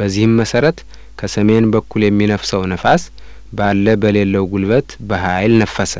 በዚህም መሰረት ከሰሜን በኩል የሚነፍሰው ነፋስ ባለ በሌለው ጉልበት በኃይል ነፈሰ